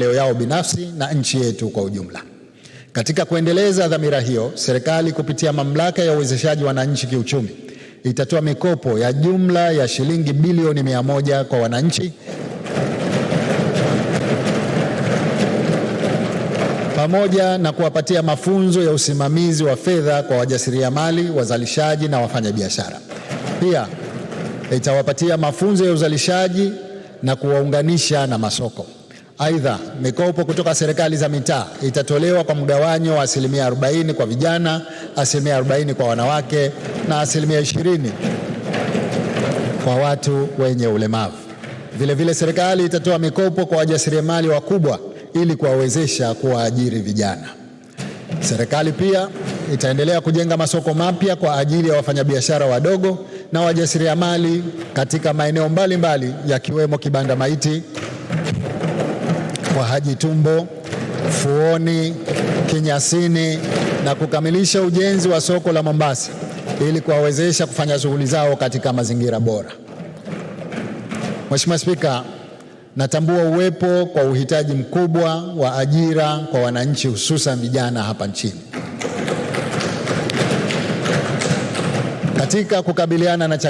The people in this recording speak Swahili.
leo yao binafsi na nchi yetu kwa ujumla. Katika kuendeleza dhamira hiyo, serikali kupitia mamlaka ya uwezeshaji wananchi kiuchumi itatoa mikopo ya jumla ya shilingi bilioni mia moja kwa wananchi pamoja na kuwapatia mafunzo ya usimamizi wa fedha kwa wajasiriamali, wazalishaji na wafanyabiashara. Pia itawapatia mafunzo ya uzalishaji na kuwaunganisha na masoko. Aidha, mikopo kutoka serikali za mitaa itatolewa kwa mgawanyo wa asilimia 40 kwa vijana, asilimia 40 kwa wanawake na asilimia 20 kwa watu wenye ulemavu. Vilevile, serikali itatoa mikopo kwa wajasiriamali wakubwa ili kuwawezesha kuwaajiri vijana. Serikali pia itaendelea kujenga masoko mapya kwa ajili ya wafanyabiashara wadogo na wajasiriamali katika maeneo mbalimbali yakiwemo Kibanda Maiti kwa Haji Tumbo, Fuoni, Kinyasini na kukamilisha ujenzi wa soko la Mombasa ili kuwawezesha kufanya shughuli zao katika mazingira bora. Mheshimiwa Spika, natambua uwepo kwa uhitaji mkubwa wa ajira kwa wananchi hususan vijana hapa nchini. Katika kukabiliana na